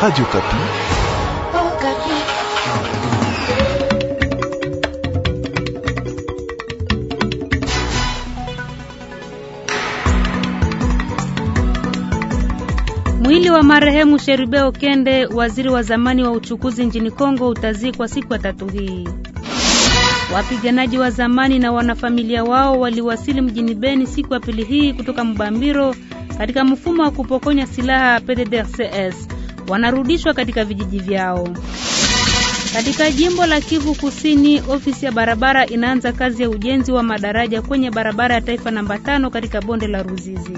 Radio Kapi. Oh, Kapi. Mwili wa marehemu Sherube Okende, waziri wa zamani wa uchukuzi nchini Kongo, utazikwa siku ya tatu hii. Wapiganaji wa zamani na wanafamilia wao waliwasili mjini Beni siku ya pili hii kutoka mbambiro katika mfumo wa kupokonya silaha PDDRCS wanarudishwa katika vijiji vyao. Katika jimbo la Kivu Kusini, ofisi ya barabara inaanza kazi ya ujenzi wa madaraja kwenye barabara ya taifa namba tano katika bonde la Ruzizi.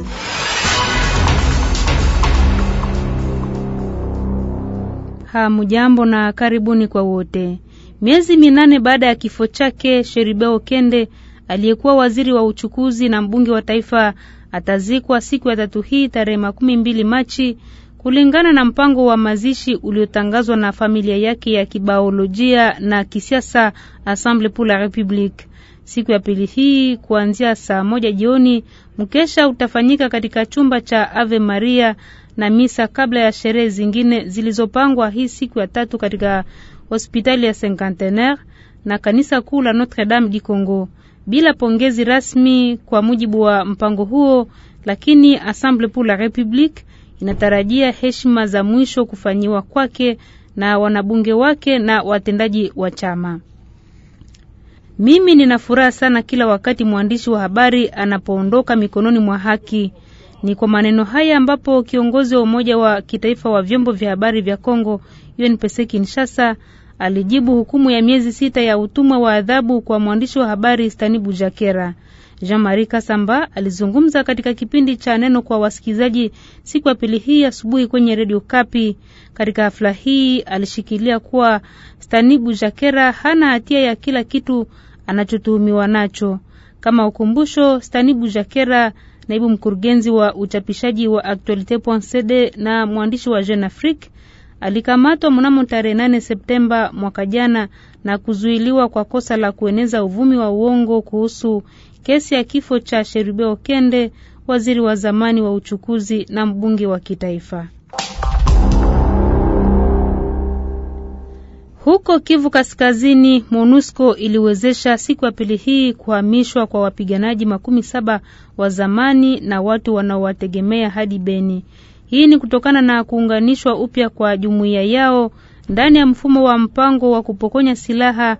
Hamujambo na karibuni kwa wote. Miezi minane baada ya kifo chake, Sheribeo Kende aliyekuwa waziri wa uchukuzi na mbunge wa taifa atazikwa siku ya tatu hii tarehe makumi mbili Machi kulingana na mpango wa mazishi uliotangazwa na familia yake ya kibaolojia na kisiasa Assemble pour la Republique. Siku ya pili hii kuanzia saa moja jioni, mkesha utafanyika katika chumba cha Ave Maria na misa kabla ya sherehe zingine zilizopangwa hii siku ya tatu katika hospitali ya Cinquantenaire na kanisa kuu la Notre Dame di Congo bila pongezi rasmi kwa mujibu wa mpango huo, lakini Assemble pour la Republique inatarajia heshima za mwisho kufanyiwa kwake na wanabunge wake na watendaji wa chama. Mimi nina furaha sana kila wakati mwandishi wa habari anapoondoka mikononi mwa haki. Ni kwa maneno haya ambapo kiongozi wa Umoja wa Kitaifa wa Vyombo vya Habari vya Kongo UNPC Kinshasa alijibu hukumu ya miezi sita ya utumwa wa adhabu kwa mwandishi wa habari Stanibu Jakera. Jean-Marie Kasamba alizungumza katika kipindi cha neno kwa wasikilizaji siku ya pili hii asubuhi kwenye redio Kapi. Katika hafla hii alishikilia kuwa Stanibu Jakera hana hatia ya kila kitu anachotuhumiwa nacho. Kama ukumbusho, Stanibu Jakera, naibu mkurugenzi wa uchapishaji wa Actualite.cd na mwandishi wa Jeune Afrique alikamatwa mnamo tarehe 8 Septemba mwaka jana na kuzuiliwa kwa kosa la kueneza uvumi wa uongo kuhusu kesi ya kifo cha Sherube Okende, waziri wa zamani wa uchukuzi na mbunge wa kitaifa. Huko Kivu Kaskazini, MONUSCO iliwezesha siku ya pili hii kuhamishwa kwa wapiganaji makumi saba wa zamani na watu wanaowategemea hadi Beni. Hii ni kutokana na kuunganishwa upya kwa jumuiya yao ndani ya mfumo wa mpango wa kupokonya silaha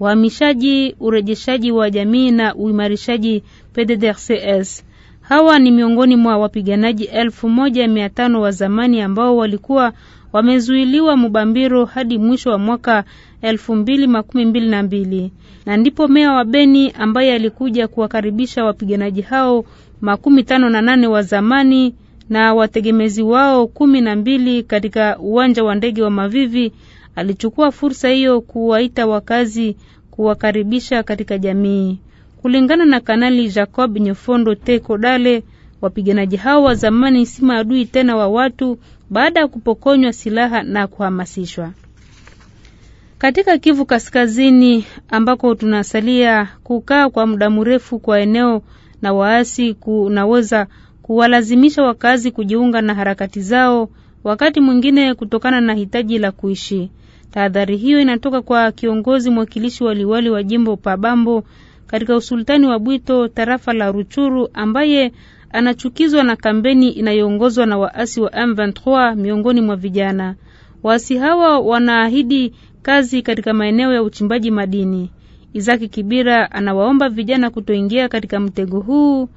uhamishaji, urejeshaji wa jamii na uimarishaji PDDRCS. Hawa ni miongoni mwa wapiganaji elfu moja mia tano wa zamani ambao walikuwa wamezuiliwa Mubambiro hadi mwisho wa mwaka elfu mbili makumi mbili na mbili na ndipo meya wa Beni ambaye alikuja kuwakaribisha wapiganaji hao makumi tano na nane wa zamani na wategemezi wao kumi na mbili katika uwanja wa ndege wa Mavivi alichukua fursa hiyo kuwaita wakazi kuwakaribisha katika jamii. Kulingana na Kanali Jacob Nyefondo Teko Dale, wapiganaji hao wa zamani si maadui tena wa watu baada ya kupokonywa silaha na kuhamasishwa. Katika Kivu Kaskazini ambako tunasalia, kukaa kwa muda mrefu kwa eneo na waasi kunaweza kuwalazimisha wakazi kujiunga na harakati zao, wakati mwingine kutokana na hitaji la kuishi. Tahadhari hiyo inatoka kwa kiongozi mwakilishi wa liwali wa jimbo Pabambo katika usultani wa Bwito, tarafa la Ruchuru, ambaye anachukizwa na kampeni inayoongozwa na waasi wa M23 miongoni mwa vijana. Waasi hawa wanaahidi kazi katika maeneo ya uchimbaji madini. Izaki Kibira anawaomba vijana kutoingia katika mtego huu,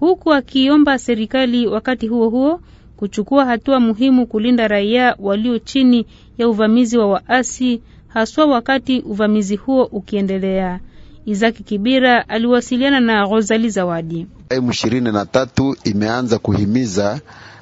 huku akiomba serikali wakati huo huo kuchukua hatua muhimu kulinda raia walio chini ya uvamizi wa waasi, haswa wakati uvamizi huo ukiendelea. Izaki Kibira aliwasiliana na Rosali Zawadi. M23 imeanza kuhimiza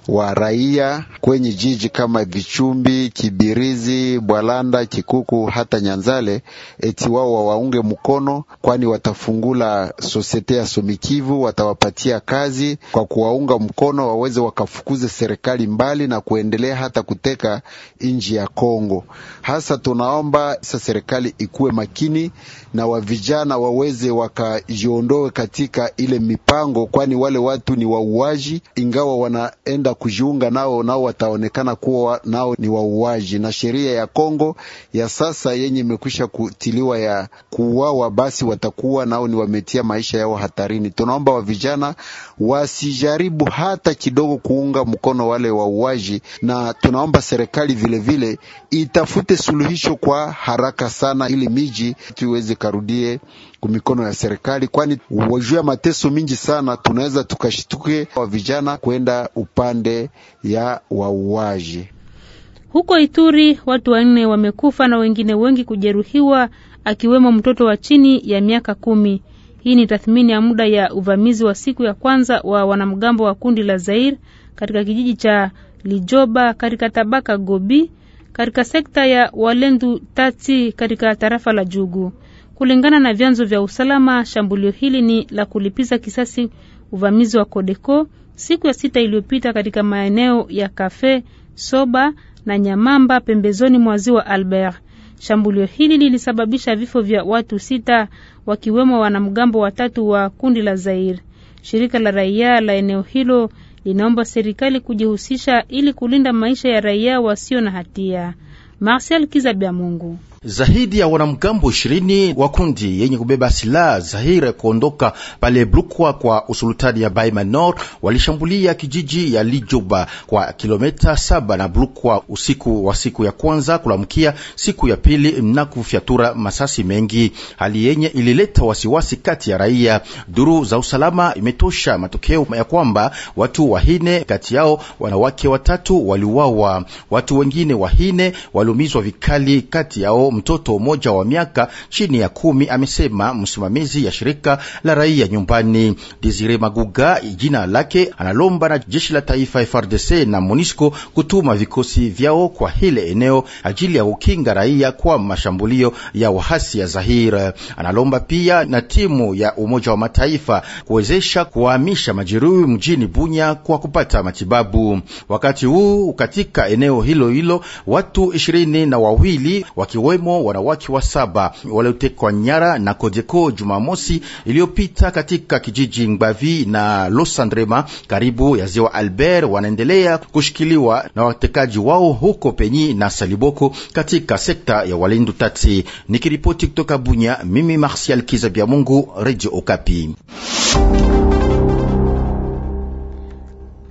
wa raia kwenye jiji kama Vichumbi, Kibirizi, Bwalanda, Kikuku hata Nyanzale, eti wao wawaunge mkono, kwani watafungula sosiete ya Somikivu, watawapatia kazi kwa kuwaunga mkono, waweze wakafukuze serikali mbali na kuendelea hata kuteka nchi ya Kongo. Hasa tunaomba sa serikali ikuwe makini na wavijana waweze wakajiondoe katika ile mipango, kwani wale watu ni wauaji, ingawa wanaenda kujiunga nao, nao wataonekana kuwa nao ni wauaji. Na sheria ya Kongo ya sasa yenye imekwisha kutiliwa ya kuuawa, basi watakuwa nao ni wametia maisha yao hatarini. Tunaomba wa vijana wasijaribu hata kidogo kuunga mkono wale wauaji, na tunaomba serikali vilevile itafute suluhisho kwa haraka sana, ili miji tuweze karudie kumikono ya serikali, kwani wajua mateso mingi sana, tunaweza tukashituke wa vijana kwenda upande ya wauaji. Huko Ituri watu wanne wamekufa na wengine wengi kujeruhiwa, akiwemo mtoto wa chini ya miaka kumi. Hii ni tathmini ya muda ya uvamizi wa siku ya kwanza wa wanamgambo wa kundi la Zair katika kijiji cha Lijoba katika tabaka Gobi katika sekta ya Walendu Tati katika tarafa la Jugu. Kulingana na vyanzo vya usalama, shambulio hili ni la kulipiza kisasi uvamizi wa Kodeko siku ya sita iliyopita katika maeneo ya Kafe Soba na Nyamamba pembezoni mwa ziwa Albert. Shambulio hili lilisababisha vifo vya watu sita wakiwemo wanamgambo watatu wa kundi la Zair. Shirika la raia la eneo hilo linaomba serikali kujihusisha ili kulinda maisha ya raia wasio na hatia. Marcel Kiza Mungu. Zaidi ya wanamgambo ishirini wa kundi yenye kubeba silaha Zahire kuondoka pale Blukwa kwa usultani ya Bai walishambulia kijiji ya Lijuba kwa kilometa saba na Blukwa usiku wa siku ya kwanza kulamkia siku ya pili na kufyatura masasi mengi, hali yenye ilileta wasiwasi kati ya raia. Duru za usalama imetosha matokeo ya kwamba watu wahine kati yao wanawake watatu waliuawa, watu wengine wahine waliumizwa vikali, kati yao mtoto mmoja wa miaka chini ya kumi, amesema msimamizi ya shirika la raia nyumbani Desire Maguga jina lake. Analomba na jeshi la taifa FRDC na MONUSCO kutuma vikosi vyao kwa hile eneo ajili ya kukinga raia kwa mashambulio ya wahasi ya Zahir. Analomba pia na timu ya Umoja wa Mataifa kuwezesha kuhamisha majeruhi mjini Bunya kwa kupata matibabu. Wakati huu katika eneo hilo hilo watu ishirini na wawili wakiwe wakiwemo wanawake wa saba waliotekwa nyara na Kodeko Jumamosi iliyopita katika kijiji Ngbavi na Losandrema karibu ya ziwa Albert, wanaendelea kushikiliwa na watekaji wao huko Penyi na Saliboko katika sekta ya walindu Tati. Nikiripoti kutoka Bunya, mimi Martial Kizabia Mungu, Radio Okapi.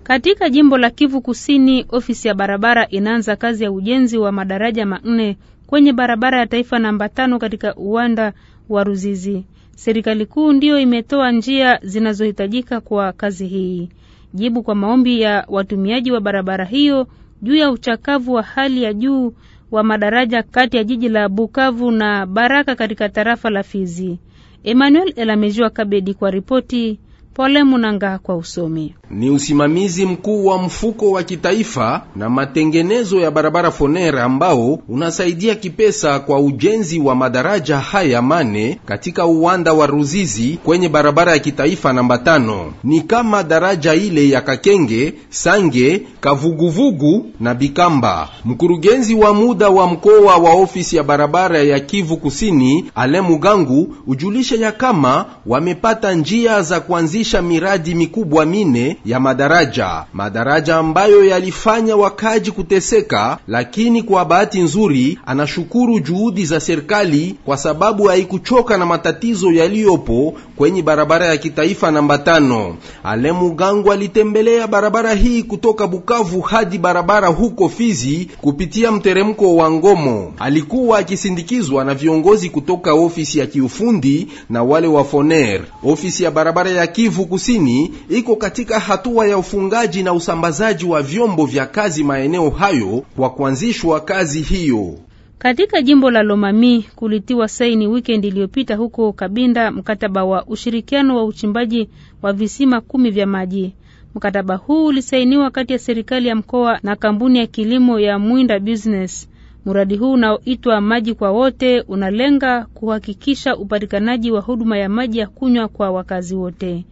Katika jimbo la Kivu Kusini, ofisi ya barabara inaanza kazi ya ujenzi wa madaraja manne kwenye barabara ya taifa namba tano katika uwanda wa Ruzizi. Serikali kuu ndiyo imetoa njia zinazohitajika kwa kazi hii. Jibu kwa maombi ya watumiaji wa barabara hiyo juu ya uchakavu wa hali ya juu wa madaraja kati ya jiji la Bukavu na Baraka katika tarafa la Fizi. Emmanuel Elamejua Kabedi kwa ripoti Pole Munanga kwa usomi. Ni usimamizi mkuu wa mfuko wa kitaifa na matengenezo ya barabara Foner ambao unasaidia kipesa kwa ujenzi wa madaraja haya mane katika uwanda wa Ruzizi kwenye barabara ya kitaifa namba tano. Ni kama daraja ile ya Kakenge, Sange, Kavuguvugu na Bikamba. Mkurugenzi wa muda wa mkoa wa ofisi ya barabara ya Kivu Kusini, Ale Mugangu, ujulisha ya kama wamepata njia za kuanzisha kuanzisha miradi mikubwa mine ya madaraja, madaraja ambayo yalifanya wakaji kuteseka, lakini kwa bahati nzuri anashukuru juhudi za serikali kwa sababu haikuchoka na matatizo yaliyopo kwenye barabara ya kitaifa namba tano. Alemugangu alitembelea barabara hii kutoka Bukavu hadi barabara huko Fizi kupitia mteremko wa Ngomo. Alikuwa akisindikizwa na viongozi kutoka ofisi ya kiufundi na wale wa Foner. Ofisi ya barabara ya Kivu Kivu Kusini iko katika hatua ya ufungaji na usambazaji wa vyombo vya kazi maeneo hayo kwa kuanzishwa kazi hiyo. Katika jimbo la Lomami kulitiwa saini wikendi iliyopita huko Kabinda mkataba wa ushirikiano wa uchimbaji wa visima kumi vya maji. Mkataba huu ulisainiwa kati ya serikali ya mkoa na kampuni ya kilimo ya Mwinda Business. Mradi huu unaoitwa Maji kwa Wote unalenga kuhakikisha upatikanaji wa huduma ya maji ya kunywa kwa wakazi wote.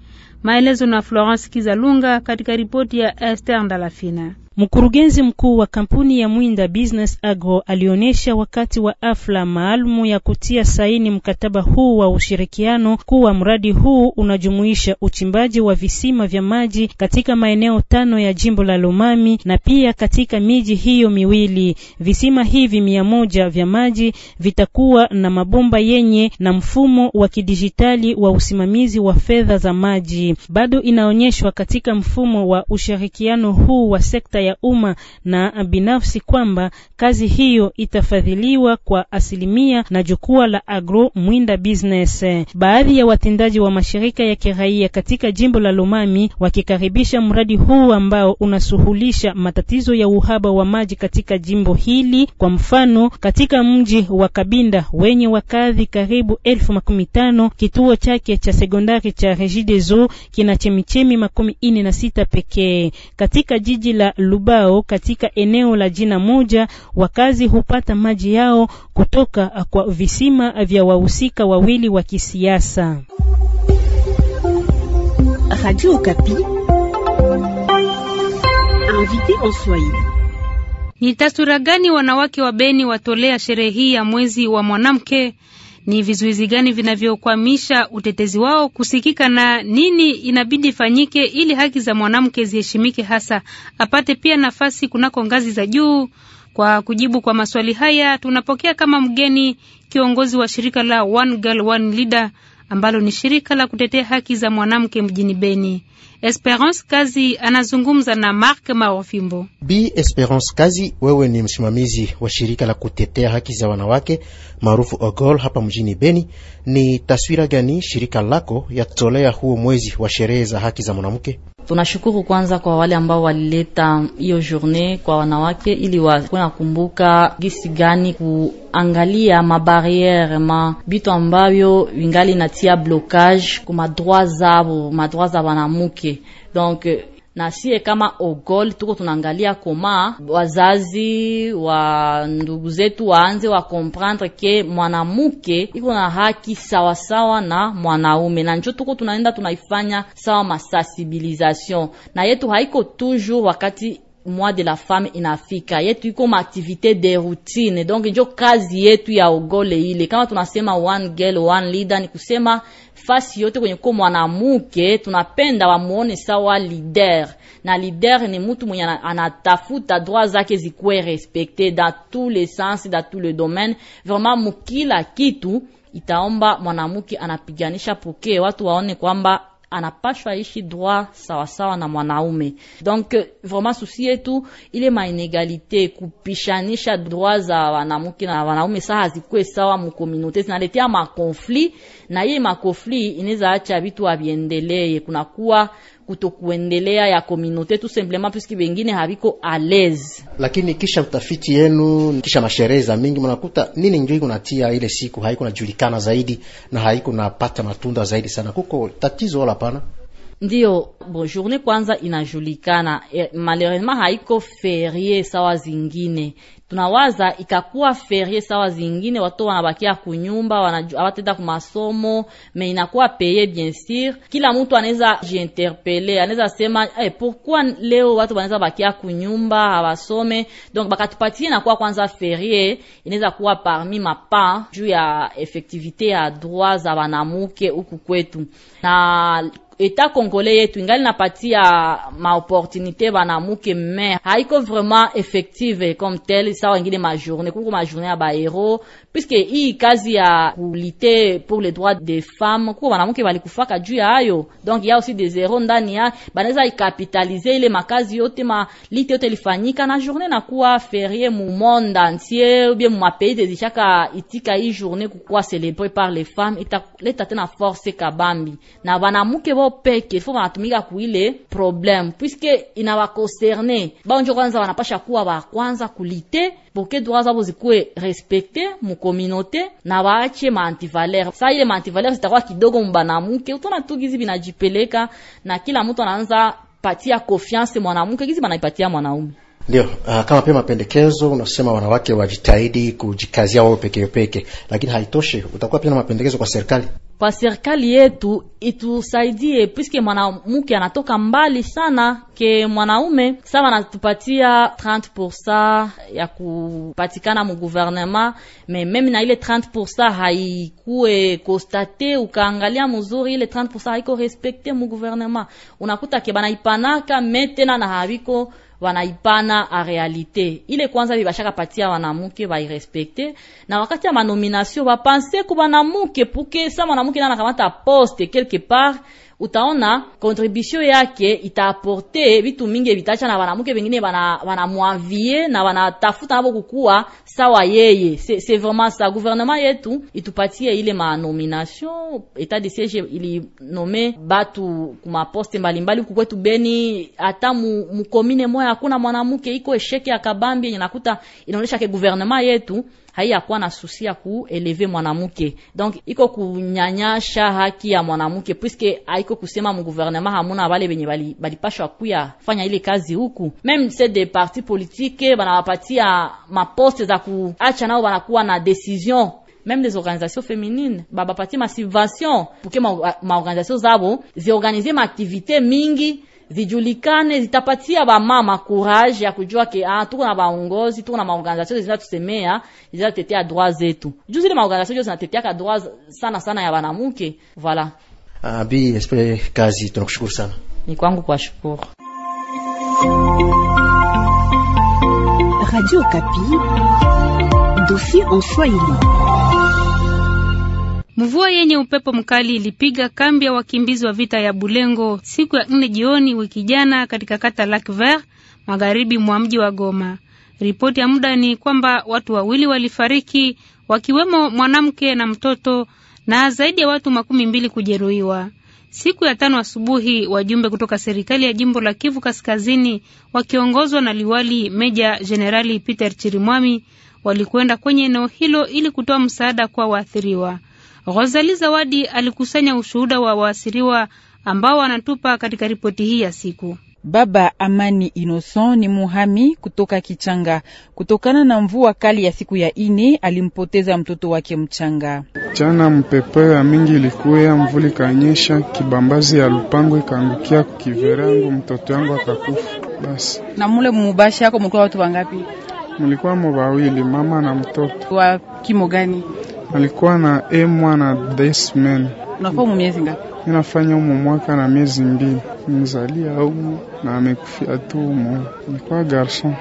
Maelezo na Florence Kizalunga katika ripoti ya Esther Ndalafina. Mkurugenzi mkuu wa kampuni ya Mwinda Business Agro alionyesha wakati wa afla maalumu ya kutia saini mkataba huu wa ushirikiano kuwa mradi huu unajumuisha uchimbaji wa visima vya maji katika maeneo tano ya jimbo la Lomami na pia katika miji hiyo miwili. Visima hivi mia moja vya maji vitakuwa na mabomba yenye na mfumo wa kidijitali wa usimamizi wa fedha za maji. Bado inaonyeshwa katika mfumo wa ushirikiano huu wa sekta ya umma na binafsi kwamba kazi hiyo itafadhiliwa kwa asilimia na jukwaa la Agro Mwinda Business. Baadhi ya watendaji wa mashirika ya kiraia katika jimbo la Lomami wakikaribisha mradi huu ambao unasuhulisha matatizo ya uhaba wa maji katika jimbo hili. Kwa mfano, katika mji wa Kabinda wenye wakazi karibu elfu makumi tano kituo chake cha sekondari cha Regideso kina chemichemi makumi ine na sita pekee. Katika jiji la Lubao katika eneo la jina moja, wakazi hupata maji yao kutoka kwa visima vya wahusika wawili wa kisiasa. Radio Okapi. Ni taswira gani wanawake wa Beni watolea sherehe hii ya mwezi wa mwanamke ni vizuizi gani vinavyokwamisha utetezi wao kusikika na nini inabidi ifanyike ili haki za mwanamke ziheshimike, hasa apate pia nafasi kunako ngazi za juu? Kwa kujibu kwa maswali haya tunapokea kama mgeni kiongozi wa shirika la One Girl One Leader ambalo ni shirika la kutetea haki za mwanamke mjini Beni. Esperance Kazi anazungumza na Mark Marofimbo. Bi Esperance Kazi, wewe ni msimamizi wa shirika la kutetea haki za wanawake maarufu OGOL hapa mjini Beni. Ni taswira gani shirika lako yatolea huo mwezi wa sherehe za haki za mwanamke? Tunashukuru kwanza kwa wale ambao walileta hiyo journée kwa wanawake ili wakuwe nakumbuka gisi gani kuangalia mabariere ma bito ambavyo vingali natia blocage kwa madroit zabo, madroit za wanamuke shule. Donc euh, na sie kama ogol tuko tunaangalia koma wazazi wa ndugu zetu waanze wa comprendre ke mwanamke iko na haki sawasawa sawa na mwanaume, na njo tuko tunaenda tunaifanya sawa masensibilisation na yetu haiko toujours wakati mois de la femme inafika yetu iko maaktivite de routine, donc njo kazi yetu ya ogole ile. Kama tunasema one girl one leader, ni kusema fasi yote kwenye ko mwanamuke tunapenda wamuone sawa leader, na leader ni mutu mwenye anatafuta droit zake zikuwe respecte dans tous les sens, dans tous les domaines, vraiment mukila kitu itaomba mwanamuke anapiganisha pokee watu waone kwamba anapashwa ishi droit sawasawa na mwanaume. Donc vraiment susi yetu ile mainegalite kupishanisha droit za wanamke na wanaume saa hazikwe sawa mukomunote, zinaletea makonfli na iye makonfli inaweza acha vitu aviendelee kunakuwa kutokuendelea ya komunote tu simplement puisque bengine haviko a l'aise. Lakini kisha utafiti yenu, kisha masherehe za mingi, mnakuta nini njoo kunatia ile siku haiko najulikana zaidi na haiko napata matunda zaidi sana, kuko tatizo wala pana Ndiyo journée kwanza inajulikana e, malheureusement haiko ferie sawa zingine. Tunawaza ikakuwa ferie sawa zingine, watu wanabakia kunyumba, hawatenda kumasomo, me inakuwa paye bien sûr. Kila mtu anaweza jiinterpele, anaweza sema hey, eh, pourquoi leo watu wanaweza bakia kunyumba hawasome? Donc bakatupatie nakuwa kwanza ferie, inaweza kuwa parmi mapa juu ya effectivité ya droit za wanamuke huku kwetu na eta kongole yetu ingali napatia maopportunité banamuke me haiko vraiment effective comme tel sawa ingine majourne kuko majourne ya bahero puisque hii kazi ya kulite pour les droits des femmes kuko banamuke balikufaka juu ya hayo donc ya aussi des héros ndani ya banaweza ikapitalize ile makazi yote malite yote ilifanyika na journée nakuwa ferie mu monde entier ou bien mu mapays tezishaka itika hii journée kukuwa célébrée par les femmes italeta tena force kabambi na banamuke bo peke ifo wanatumika kuile problem puisque inawakoserne banjo kwanza wanapasha kuwa wa kwanza kulite boke droit zabo zikuwe respecte mukominote na waache maantivalere. Sa ile maantivalere zitakuwa kidogo mbanamuke, utona tu gizi binajipeleka na kila mtu anaanza patia confiance mwanamke gizi banaipatia mwanaume. Ndio, uh, kama pia mapendekezo unasema wanawake wajitahidi kujikazia wao peke peke, lakini haitoshi. Utakuwa pia na mapendekezo kwa serikali, kwa serikali yetu itusaidie, puisque mwanamke anatoka mbali sana ke mwanaume. Sasa wanatupatia 30% ya kupatikana mu gouvernement, me meme na ile 30% haikuwe constate. Ukaangalia mzuri, ile 30% haiko respecte mu gouvernement, unakuta ke banaipanaka metena na haviko wanaipana a realite ile kwanza bibashaka patia wanamuke bairespekte na wakati ya manominasio bapanse ku banamuke puke sa mwanamuke na nakamata poste quelque part utaona contribution yake itaaporte vitu mingi vitacha na wanamuke wengine wanamwavie na wanatafuta navo kukua sawa yeye. C'est vraiment ça. Gouvernement yetu itupatie ile ma nomination, etat de siege ilinome batu kumaposte mbalimbali huku Beni, hata mukomine moya hakuna mwanamke iko esheke ya kabambi yenye nakuta inaonesha ke gouvernement yetu haiyakuwa nasusia kueleve mwanamke, donc iko kunyanyasha haki ya mwanamke, puisque haiko kusema mguvernema hamuna wale benye bali kuya fanya ile kazi huku. Meme se de parti politique banawapatia maposte za kuacha, nao banakuwa na decision même des organisations féminines babapatie masubvention puke maorganisation ma zabo ziorganize maaktivité mingi vijulikane, zitapatia bamama courage ya kujua ke ah, tuko na baongozi, tuko na maorganizasio zinatusemea, zinatetea droit zetu. Juu zile maorganizasio zinatetea droit sana sana ya banamuke. Voilà. Ah, bi espere kazi, tunakushukuru sana. Ni kwangu kwa shukuru. Radio Kapi, dossier en Swahili. Mvua yenye upepo mkali ilipiga kambi ya wakimbizi wa vita ya Bulengo siku ya nne jioni wiki jana katika kata Lac Vert magharibi mwa mji wa Goma. Ripoti ya muda ni kwamba watu wawili walifariki wakiwemo mwanamke na mtoto na zaidi ya watu makumi mbili kujeruhiwa. Siku ya tano asubuhi, wajumbe kutoka serikali ya jimbo la Kivu Kaskazini wakiongozwa na liwali meja jenerali Peter Chirimwami walikwenda kwenye eneo hilo ili kutoa msaada kwa waathiriwa. Rosalie Zawadi alikusanya ushuhuda wa waasiriwa ambao wanatupa katika ripoti hii ya siku. Baba Amani Innocent ni muhami kutoka Kichanga. Kutokana na mvua kali ya siku ya ine, alimpoteza mtoto wake mchanga. Jana ya mingi ilikuya, mvuli kanyesha, kibambazi ya lupango ikaangukia kiverangu, mtoto yangu akakufa. Basi na mule mubashi yako mlikuwa watu wangapi? Mlikuwa wawili, mama na mtoto. wa kimo gani? alikuwa na emwa na desmen. mu miezi ngapi? Ninafanya umo mwaka na miezi mbili. Mzalia umo na amekufia tu umo. Alikuwa garson.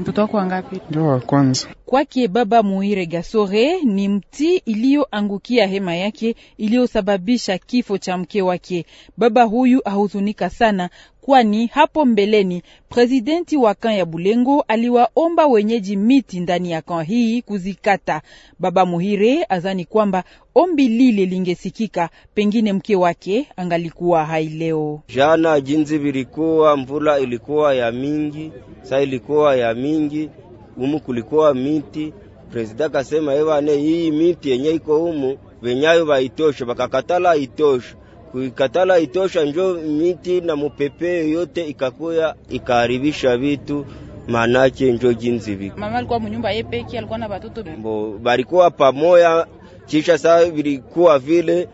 Mtoto wako wangapi? Ndio wa kwanza. Kwake Baba Muire Gasore ni mti iliyoangukia hema yake iliyosababisha kifo cha mke wake. Baba huyu ahuzunika sana kwani hapo mbeleni prezidenti wa kan ya Bulengo aliwaomba wenyeji miti ndani ya kan hii kuzikata. Baba Muhire azani kwamba ombi lile lingesikika, pengine mke wake angalikuwa hai leo. Jana jinzi vilikuwa mvula ilikuwa ya mingi, saa ilikuwa ya mingi, umu kulikuwa miti Prezida akasema ewane hii miti yenye iko umu venyayo vaitoshe, vakakatala itosha kuikatala itosha, njo miti na mupepe yote ikakuya ikaharibisha vitu manake njo jinzi viko mama alikuwa munyumba yeye peke, alikuwa na batoto bo, balikuwa pamoya. Kisha saa vilikuwa vile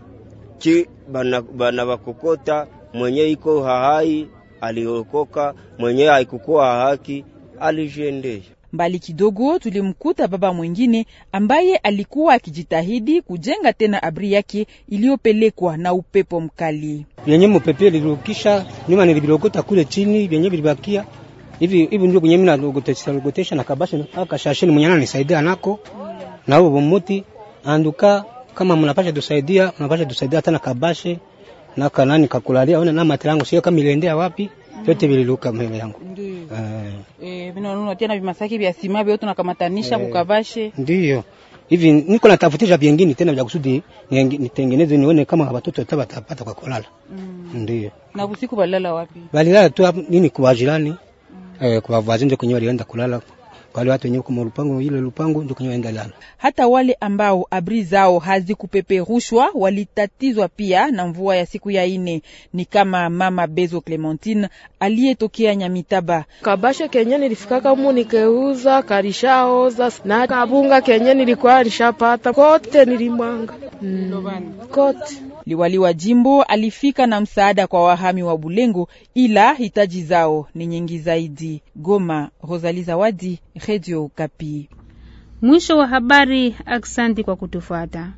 ki bana, bana bakokota mwenye iko hahai aliokoka, mwenye haikukuwa haki alijendesha Mbali kidogo tulimkuta baba mwingine ambaye alikuwa akijitahidi kujenga tena abri yake iliyopelekwa na upepo mkali. Vyenye mupepe lilirukisha nyuma, nilivilogota kule chini, vyenye vilibakia hivi hivi, ndio kwenye mina nalogotesha nalogotesha na kabasha akashasheni mwenye ananisaidia nako na huo bomuti anduka, kama mnapasha tusaidia, mnapasha tusaidia tena kabashe na kanani kakulalia, ona na matirango sio kama ilendea wapi vyote vililuka mbele yangu vinanuna eh. eh, tena vimasaki vya sima vyote nakamatanisha eh. kukavashe ndiyo hivi niko natafutisha vingine tena vya kusudi nitengeneze nione kama watoto ta watapata kwa kulala. Mm. Ndio. Na usiku balala wapi? Balilala tu nini kwa jirani. Mm. Eh, kwa kwenye walienda kulala wale watu wenye huko mlupango ile lupango ndio kwenye waenda lala. Hata wale ambao abri zao hazikupeperushwa walitatizwa pia na mvua ya siku ya ine, ni kama mama Bezo Clementine aliyetokea Nyamitaba. Kabasha kenye nilifika kama nikeuza karishaoza na kabunga kenye nilikuwa nishapata kote nilimwanga mm, kote Liwali wa jimbo alifika na msaada kwa wahami wa Bulengo, ila hitaji zao ni nyingi zaidi. Goma, Rosalie Zawadi, Radio Kapi. Mwisho wa habari. Aksanti kwa kutufuata.